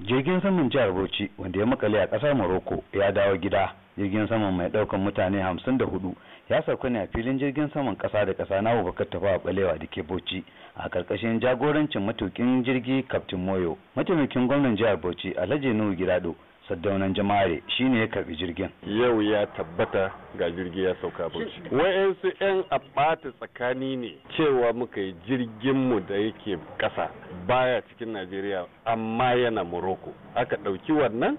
jirgin saman jihar bauchi wanda ya makale a ƙasar morocco ya dawo gida jirgin saman mai ɗaukan mutane hamsin da hudu ya sauka ne a filin jirgin saman ƙasa da ƙasa na abubakar tafawa balewa da ke bauchi a ƙarƙashin jagorancin matukin jirgi kaftin moyo mataimakin gwamnan jihar bauchi alhaji nuhu girado Saddaunan Jamare ne ya karbi jirgin. Yau ya tabbata ga jirgi ya sauka Bauchi. Wa'yansu 'yan abata tsakani ne cewa muka yi jirginmu da yake ƙasa baya cikin Najeriya amma yana Morocco. Aka ɗauki wannan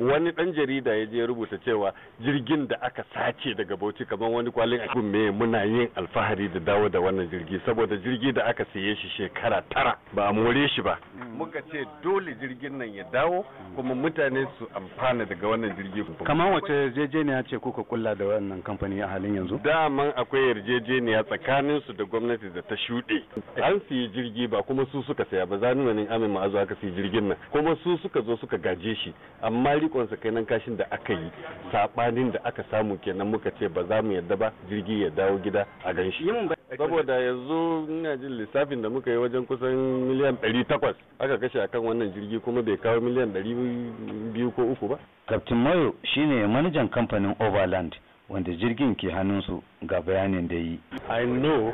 wani ɗan jarida ya je rubuta cewa jirgin da aka sace daga Bauchi kamar wani kwalin abin me muna yin alfahari da dawo da wannan jirgi saboda jirgi da aka siye shi shekara tara ba a more shi ba. muka ce dole jirgin nan ya dawo kuma mutane su amfana daga wannan jirgi kamar wace yarjejeniya ce kuka kulla da wannan kamfani a halin yanzu daman akwai yarjejeniya tsakanin su da gwamnati da ta shuɗe an siyi jirgi ba kuma su suka saya ba wani amin ma azu aka siyi jirgin nan kuma su suka zo suka gaje shi amma rikon sa kai nan kashin da aka yi sabanin da aka samu kenan muka ce ba za mu yarda ba jirgi ya dawo gida a ganshi saboda yanzu ina jin lissafin da muka yi wajen kusan miliyan 800 aka kashe akan wannan jirgi kuma bai kawo miliyan 200 ko uku ba captain mayo shine manajan kamfanin overland wanda jirgin ke su ga bayanin da yi i know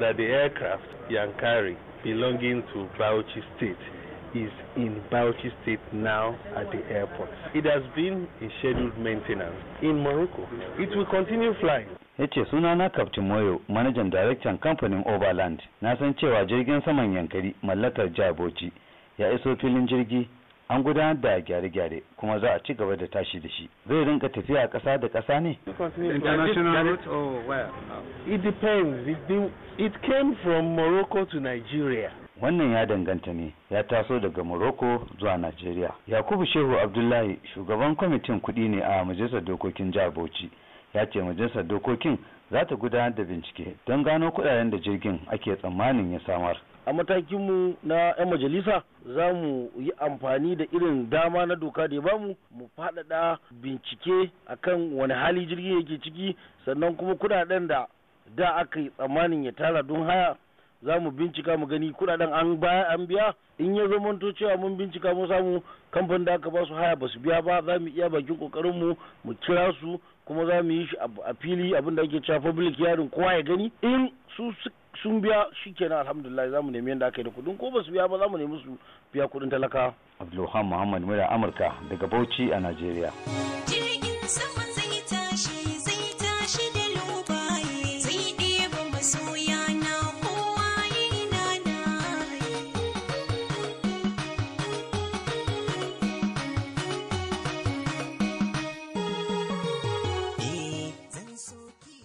that the aircraft yankari belonging to bauchi state is in Bauchi State now at the airport. It has been in scheduled maintenance in Morocco. It will continue flying. ya ce suna na kaftin moyo manajan daraktan kamfanin overland na san cewa jirgin saman yankari mallakar bauchi ya iso filin jirgi an gudanar da gyare-gyare kuma za a ci gaba da tashi da shi zai rinka tafiya ƙasa da ƙasa ne international route oh well it depends it, it came from morocco to nigeria wannan ya danganta ne ya taso daga morocco zuwa nigeria yakubu shehu abdullahi shugaban kwamitin kuɗi ne a majalisar dokokin jihar bauchi ya ce majalisar dokokin za ta gudanar da bincike don gano kudaden da jirgin ake tsammanin ya samar a matakinmu na 'yan majalisa za mu yi amfani da irin dama na doka da ya bamu mu faɗaɗa bincike akan wani hali jirgin yake ciki sannan kuma kudaden da da aka yi tsammanin ya tara don haya za mu bincika mu gani kudaden an baya an biya in ya zamanto cewa mun bincika mun samu kamfanin da aka ba su haya ba su biya ba za mu iya bakin kokarin mu mu kira su kuma za mu yi shi a fili abin da ake cewa public yarin kowa ya gani in su sun biya shikenan alhamdulillah za mu nemi yanda aka yi da kudin ko ba su biya ba za mu nemi su biya kudin talaka abdulrahman muhammad mura amurka daga bauchi a najeriya jirgin